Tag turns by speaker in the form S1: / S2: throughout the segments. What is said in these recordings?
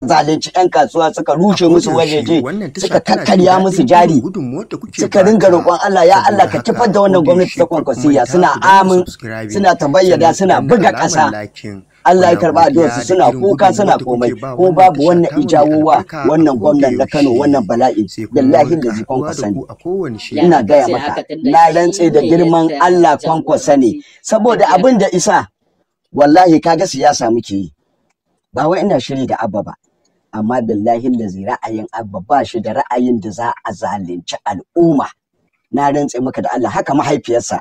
S1: zalunci 'yan kasuwa suka rushe musu wajeje suka kakkarya musu jari suka ringa roƙon Allah ya Allah ka tafar da wannan gwamnati ta kwankwasiya suna amin suna tabayyada suna buga ƙasa Allah ya karba addu'arsu suna kuka suna komai ko babu wannan ijawowa wannan gwamnan na Kano wannan bala'i billahi da ne ina gaya maka na rantse da girman Allah kwankwasa ne saboda abin da isa wallahi kaga siyasa muke yi ba wai ina shiri da abba ba amma billahi lazi ra'ayin abba ba shi da ra'ayin da za a zalunci al'umma na rantse maka da Allah haka mahaifiyarsa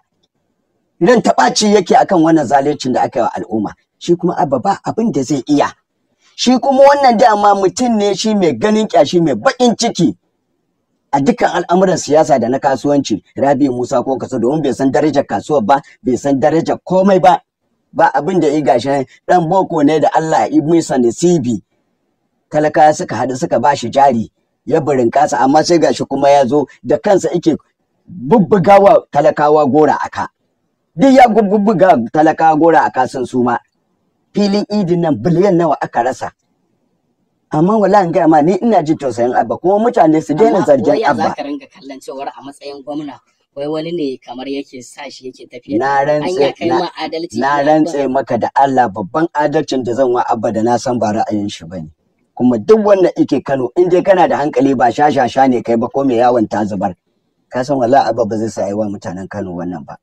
S1: nan taɓaci yake akan wannan zaluncin da aka yi wa al'umma shi kuma abba ba abin da zai iya shi kuma wannan dama mutum ne shi mai ganin kyashi mai baƙin ciki a dukkan al'amuran siyasa da na kasuwanci rabi musa ko kaso domin bai san darajar kasuwa ba bai san darajar komai ba ba abin da ya gashi dan boko ne da Allah ya yi nasibi talakawa suka haɗu suka ba shi jari ya burin kasa amma sai gashi kuma ya zo da kansa yake bubbugawa talakawa gora aka duk ya bubbuga talakawa gora aka sun suma filin idin nan biliyan nawa aka rasa amma wala an gaya ma ni ina jin tausayin abba kuma mutane su daina zargin abba
S2: amma kallon cewar a matsayin gwamna wai wani ne kamar yake sa yake tafiya na rantse na rantse
S1: maka da Allah babban adalcin da zan wa abba da na san ba ra'ayin shi bane kuma duk wannan yake Kano in dai kana da hankali ba sha ne kai ba ko mai yawon ta zubar ka san wallahi abba ba zai sa wa mutanen Kano wannan ba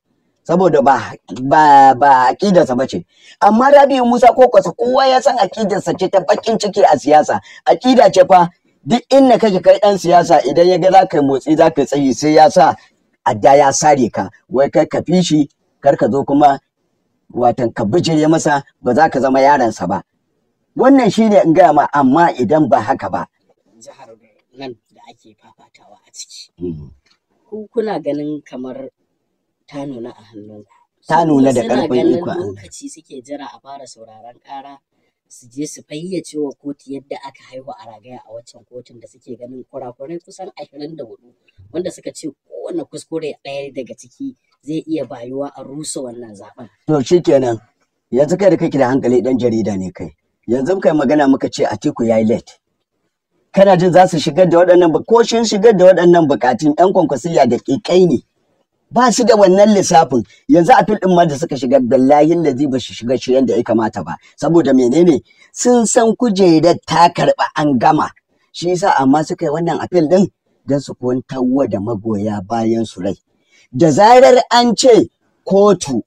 S1: saboda ba ba ba aqidarsa bace amma rabi Musa ko kwasa kowa ya san aqidarsa ce ta bakin ciki a siyasa aqida ce fa duk inda kake kai dan siyasa idan ya ga za ka motsi za ka tsayi sai ya sa adda ya sare ka wai kai ka fishi kar ka zo kuma watan ka bijire masa ba za ka zama yaransa ba wannan shine in gaya amma idan ba haka ba
S2: jihar nan da ake
S1: fafatawa a ciki hmm.
S2: ku kuna ganin kamar ta nuna a hannunku ta nuna da karfin ikon lokaci suke jira a fara sauraron ƙara, su je su fayyace wa kotu yadda aka haihu a ragaya a waccan kotun da suke ganin kurakurai kusan ashirin da hudu wanda suka ce kowane kuskure ɗaya daga ciki zai iya bayuwa a rusa wannan zaɓen
S1: To shikenan yanzu kai da kake da hankali ɗan jarida ne kai. yanzu kai magana muka ce a Atiku yayi late kana jin za su shigar da waɗannan ko shin shigar da waɗannan bukatun yan kwankwasiya da ƙiƙai ne ba su da wannan lissafin yanzu a ɗin ma da suka shiga billahin da zai ba su shiga shi yadda ya kamata ba saboda menene sun san kujerar ta karɓa an gama shi yasa amma suka yi wannan apel ɗin Dan su kwantarwa da magoya bayan su rai da zarar an ce kotu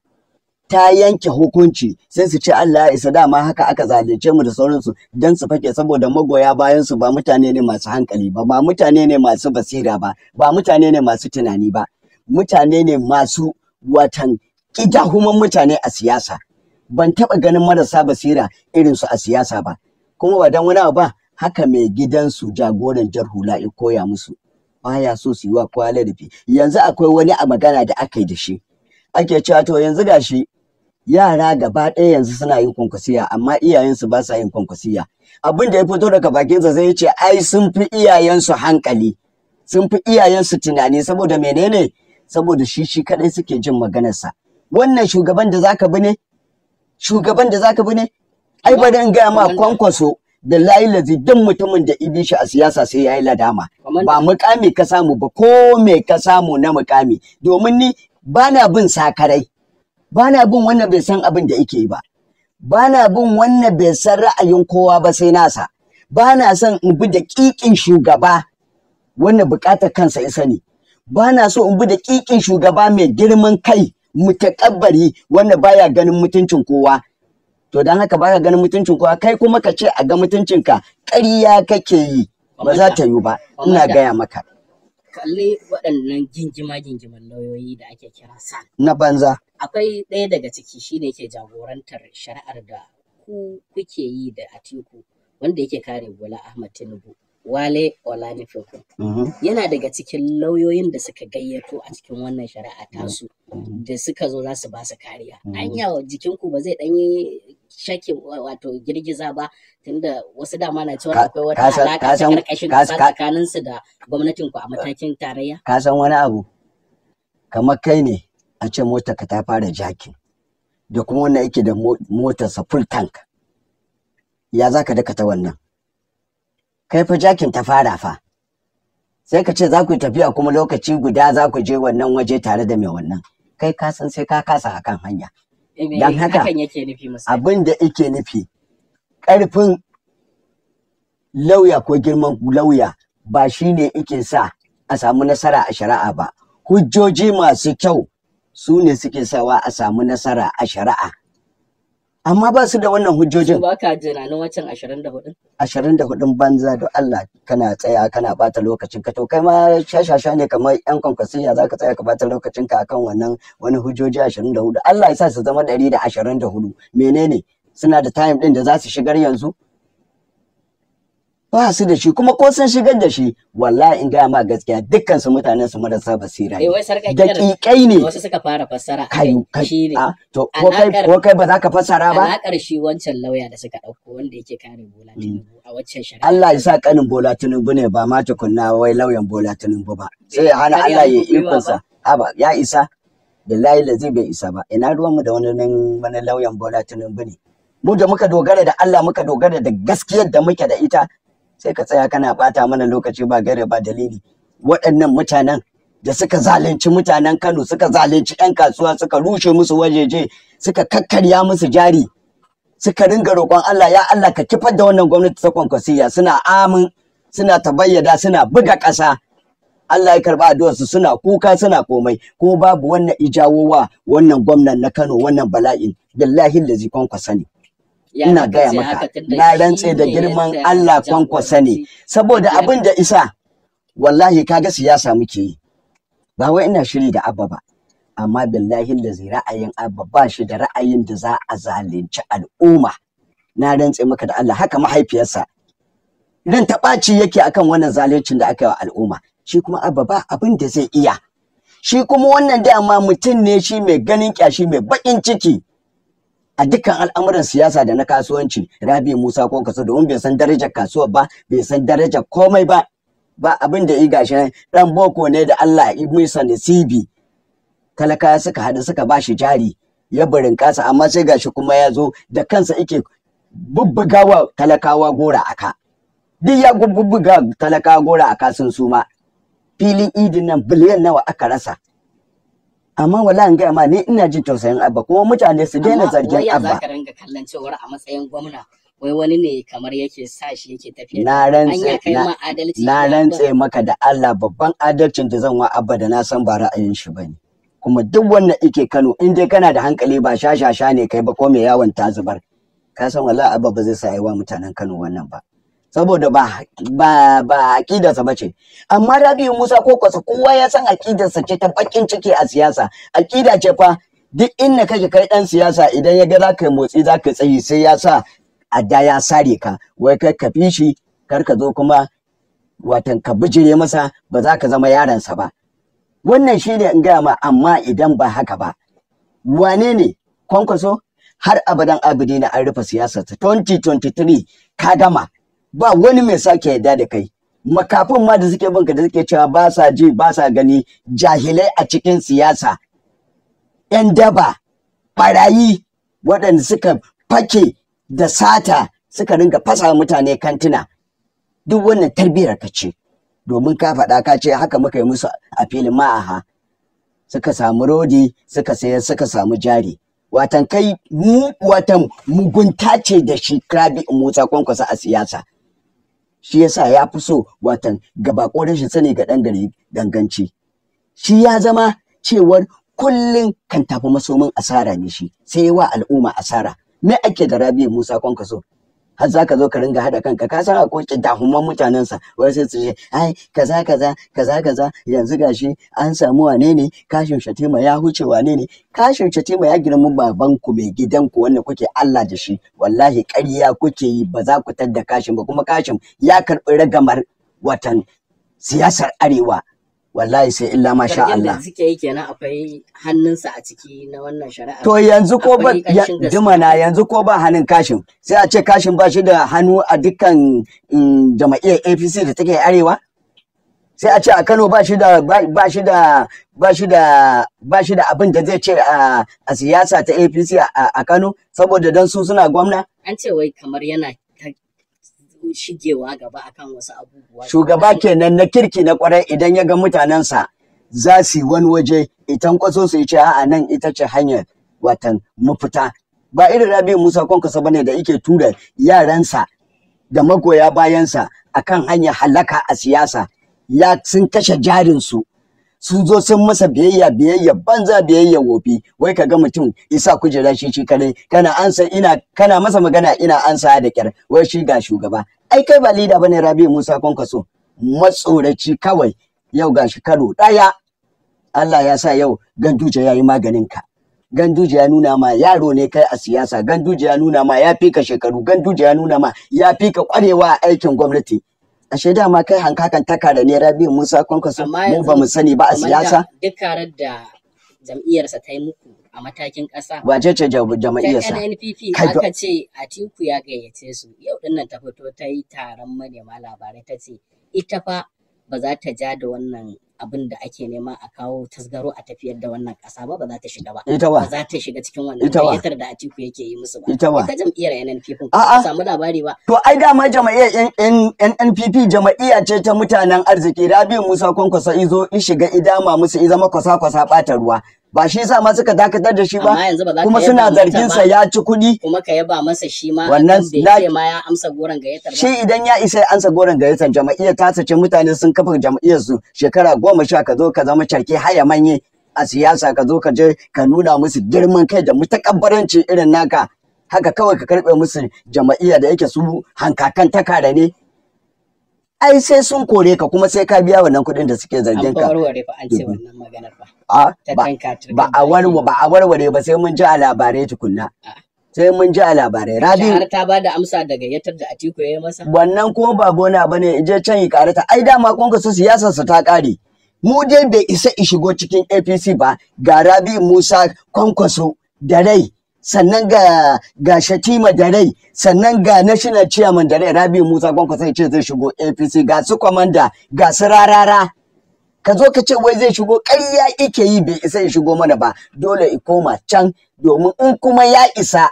S1: ta yanke hukunci sai su ce Allah ya isa dama haka aka zalunce mu da sauransu don su fake saboda magoya bayan su ba mutane ne masu hankali ba ba mutane ne masu basira ba ba mutane ne masu tunani ba mutane ne masu watan ƙidahuman mutane a siyasa ban taba ganin marasa basira irin su a siyasa ba kuma ba dan wani ba haka mai gidansu jagoran jarhula hula ya koya musu baya so su yi wa kowa ladabi yanzu akwai wani a magana da aka yi da shi ake cewa to yanzu gashi yara gaba ɗaya yanzu suna yin kwankwasiya amma iyayensu ba sa yin kwankwasiya abin da ya fito daga bakinsa zai ce ai sun fi iyayensu hankali sun fi iyayensu tunani saboda menene saboda shi shi kadai suke jin maganarsa wannan shugaban da zaka bi ne shugaban da zaka bi ne ai bari in gaya ma kwankwaso da layi lazi duk mutumin da ibi shi a siyasa sai ya yi ladama ba mukami ka samu ba ko me ka samu na mukami domin ni bana bin sakarai ba na bin wannan bai san abin da yake yi ba ba na bin wannan bai san ra'ayin kowa ba sai nasa ba na son in bi da ƙiƙin shugaba wannan buƙatar kansa ya sani ba na so in bi da ƙiƙin shugaba mai girman kai mutakabbari wanda baya ganin mutuncin kowa to dan haka baka ganin mutuncin kowa kai kuma ka ce a ga mutuncinka ƙarya kake yi ba za ta yi ba ina gaya maka
S2: kalli waɗannan gingima-gingiman lauyoyi da ake kira sa
S1: Na banza.
S2: Akwai ɗaya daga ciki shine ke jagorantar shari'ar da ku kuke yi da Atiku wanda yake kare Bola Ahmad Tinubu. Wale Olanifekun. Mhm. Yana daga cikin lauyoyin da suka gayyato a cikin wannan shari'a tasu mhm. da suka zo za su ba su kariya. Mhm. Anya jikinku ba zai ɗanyi shake wato girgiza ba tunda wasu dama na cewa akwai wata alaka ta karkashin kasa tsakanin su da gwamnatin ku a matakin tarayya
S1: ka san wani abu kamar kai ne a ce mota ka ta fara jakin da kuma wannan yake da motar sa full tank ya zaka daka ta wannan kai fa jakin ta fara fa sai ka ce za ku tafiya kuma lokaci guda za ku je wannan waje tare da mai wannan kai ka san sai ka kasa akan hanya
S2: Eh, don haka
S1: abin da yake nufi ƙarfin lauya ko girman lauya ba shi ne yake sa a samu nasara a shari'a ba hujjoji masu kyau su ne suke sawa a samu nasara a shari'a amma ba su da wannan hujjojin ba
S2: ka na wancan 24
S1: 24 banza da Allah kana tsaya kana bata lokacin ka to kai ma shashasha ne kamar yan kwankwasiya za ka tsaya ka bata lokacin ka akan wannan wani hujjoji 24 Allah ya sa su zama 124 menene suna da time din da za su shigar yanzu ba su da shi kuma ko sun shigar da shi wallahi in gaya ma gaskiya dukkan su mutanen su marasa basira ne kikai eh, ne wasu suka
S2: fara fassara kai
S1: kai to ko kai ko kai ba za ka fassara ba alaƙar
S2: shi wancan lauya da suka dauko wanda yake kare Bola mm. Tinubu a wancan shari'a Allah
S1: ya sa kanin Bola Tinubu ne ba ma tukunna wai lauyan Bola Tinubu ba sai hana Allah ya ikonsa Haba ya isa billahi zai bai isa ba ina ruwan ruwanmu da wani wani lauyan Bola Tinubu ne mu da muka dogara da Allah muka dogara da gaskiyar da muke da ita sai ka tsaya kana bata mana lokaci ba gare ba dalili waɗannan mutanen da suka zalunci mutanen Kano suka zalunci 'yan kasuwa suka rushe musu wajeje suka kakkarya musu jari suka ringa roƙon Allah ya Allah ka kifar da wannan gwamnati ta kwankwasiya suna amin suna tabayyada suna buga ƙasa Allah ya karba addu'arsu suna kuka suna komai ko babu wannan ijawowa wannan gwamnan na Kano wannan bala'in billahi lazi kwankwasa ne ina gaya maka na rantse da girman Allah kwankwasa ne saboda abin da isa wallahi kaga siyasa muke yi ba wai ina shiri da abba ba amma billahi da zai ra'ayin abba ba shi da ra'ayin da za a zalunci al'umma na rantse maka da Allah haka mahaifiyarsa Rinta ɓaci yake akan wannan zaluncin da aka yi wa al'umma shi kuma abba ba abin da zai iya shi kuma wannan dama mutum ne shi mai ganin kyashi mai baƙin ciki a dukkan al'amuran siyasa da na kasuwanci rabi musa ko kaso domin bai san darajar kasuwa ba bai san darajar komai ba ba abin da yi gashi dan boko ne da allah da nasibi talaka suka haɗu suka ba shi jari ya barin kasa amma sai gashi kuma ya zo da kansa yake bubbugawa talakawa gora aka duk ya bubbuga talakawa gora aka sun suma filin idin nan biliyan nawa aka rasa amma wala in gaya ma ni ina jin tausayin abba kuma mutane su daina zargin abba amma ka
S2: ringa kallon cewar a matsayin gwamna wai wani ne kamar yake sa shi yake tafiya na rantse na rantse maka
S1: da Allah babban adalcin da zan wa abba da na san ba ra'ayin shi bane kuma duk wannan ike Kano in dai kana da hankali ba shashasha ne kai ba ko me yawon tazubar ka san wallahi abba ba zai sa wa mutanen Kano wannan ba saboda ba ba ba aqidarsa bace amma Rabi'u Musa kokosa kowa ya san aqidarsa ce ta bakin ciki a siyasa aqida ce fa duk inda kake kai dan siyasa idan ya ga zaka motsi zaka tsayi sai ya sa adda ya sare ka wai kai ka fishi kar ka zo kuma watan ka bijire masa ba za ka zama yaransa ba wannan shine in gaya ma amma idan ba haka ba wane ne kwankwaso har abadan abidi na an rufe siyasar 2023 ka gama ba wani mai sake yarda da kai makafin ma da suke binka da suke cewa ba sa ji ba sa gani jahilai a cikin siyasa yan daba barayi waɗanda suka fake da sata suka ringa fasa mutane kantuna, duk wannan tarbiyyar ka ce domin ka faɗa ka ce haka muka yi musu a filin ma'aha suka samu rodi suka sayar suka samu jari watan kai mu watan mugunta ce da shi krabi musa kwankwasa a siyasa shi yasa ya fi so watan gaba shi sani ga ɗan gari ganganci shi ya zama cewar kullum kan tafi masomin asara ne shi sai wa al'umma asara me ake da rabi' Musa Kwankwaso har za ka zo ka ringa haɗa kanka ka san akwai dahuman mutanensa wai sai su ce ai kaza kaza kaza kaza yanzu gashi an samu wane ne kashin shatima ya huce wane ne kashin shatima ya girma baban ku mai gidan ku wanda kuke Allah da shi wallahi ƙarya kuke yi ba za ku tadda kashin ba kuma kashin ya karɓi ragamar watan siyasar arewa wallahi sai illa ma sha Allah. suke
S2: yi kenan akwai hannunsa a ciki na wannan shari'a. To yanzu ko ba
S1: jimana yanzu ko ba hannun kashin sai a ce kashin ba shi da hannu a dukkan mm, jama'iyyar APC da take arewa. Sai a ce a Kano ba shi da ba shi da ba shi da ba shi da abin da zai ce a siyasa ta APC a Kano saboda dan su suna gwamna. An ce wai kamar yana ko shigewa
S2: gaba akan wasu abubuwa.
S1: Shugaba kenan na kirki na kwarai idan ya ga mutanensa za su wani waje itan kwaso su ce a'a nan ita ce hanyar watan mafita. Ba irin rabi' Musa Kwankwaso bane da yake tura yaransa da magoya bayansa akan hanyar halaka a siyasa. Ya sun kashe jarinsu Su zo sun masa biyayya biyayya banza biyayya wofi wai ka ga mutum isa kujera shi shi kare kana ansa ina kana masa magana ina ansa da kyar wai shi ga shugaba ai kai ba lida bane Rabi Musa Kwankwaso matsoraci kawai yau shi karo daya Allah ya sa yau ganduje yayi maganin ka ganduje ya nuna ma yaro ne kai a siyasa ganduje ya nuna ma ya fika shekaru ganduje ya nuna ma ya fika kwarewa aikin gwamnati ashe ma kai hankakan taka da naira biyu musa kwankwaso mu ba mu sani ba a siyasa
S2: duk da jam'iyyarsa ta yi muku a matakin ƙasa wace ce jam'iyyarsa ta NNPP aka ce Atiku ya gayyace su yau din nan ta fito ta yi taron manema labarai ta ce ita fa ba za ta ja da wannan abin da ake nema a kawo tasgaro a tafiyar da wannan ƙasa ba ba za ta shiga ba. Ita ba. za ta shiga cikin wannan gayyatar da Atiku yake yi musu ba. Ita ba. Ita jam'iyyar NNPP ba samu labari ba.
S1: To ai dama jama'iyyar NNPP jama'iyya ce ta mutanen arziki Rabi Musa Kwankwaso izo in shiga idama musu i zama kwasa-kwasa ɓata ruwa. ba shi yasa ma suka dakatar da shi ba kuma suna zargin sa ya ci kuɗi
S2: kuma ka yaba masa shi ma wannan ma ya amsa gayyatar shi
S1: idan ya isa ya amsa goron gayyatar jama'iyyar ta sace mutane sun kafa jama'iyyar su shekara goma sha ka zo ka zama carke haya manye a siyasa ka zo ka je ka nuna musu girman kai da mutakabbaranci irin naka haka kawai ka karɓe musu jama'iyya da yake su hankakan takara ne ai sai sun kore ka kuma sai ka biya wannan kuɗin da suke zargin ka. warware mm-hmm. Ba a warware ba a warware ba sai mun ji a labarai tukunna. Sai mun ji a labarai. Rabi. Har
S2: ta ba da amsa daga yatar da Atiku ya yi masa.
S1: Wannan kuma ba gona ba ne je can yi karata. Ai dama kun su siyasar su ta ƙare. Mu dai bai isa i shigo cikin APC ba ga Rabi Musa Kwankwaso da rai sannan ga ga Shatima da rai sannan ga National Chairman da rai Rabi Musa Gwanko sai ce zai shigo APC ga su Kwamanda, ga su rarara ka zo ka ce wai zai shigo ƙarya ike yi bai isa ya shigo mana ba dole i koma can domin in kuma ya isa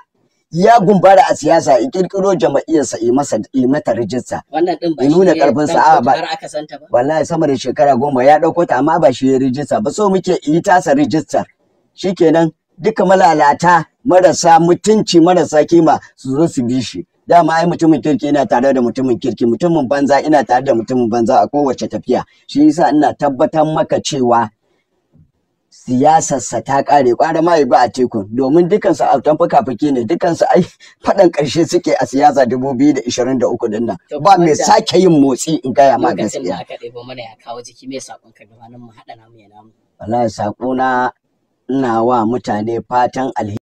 S1: ya gumbara a siyasa in kirkiro jama'iyyarsa yi masa yi mata rijista wannan nuna karfin sa ba wala sama da shekara goma ya dauko ta amma ba shi ya rijista ba so muke yi tasa rijistar kenan. duka malalata marasa mutunci marasa kima su zo su bi shi dama ai mutumin kirki ina tare da mutumin kirki mutumin banza ina tare da mutumin banza a kowace tafiya shi yasa ina tabbatar maka cewa siyasarsa ta kare kwara ma ba a teku domin dukan su autan fuka-fuki ne su ai fadan ƙarshe suke a siyasa 2023 din nan ba mai sake yin motsi in gaya ma gaskiya lokacin
S2: da aka mana ya kawo jiki me sakon ka gabanin mu hada
S1: namu ya namu wallahi sako ina wa mutane fatan alheri.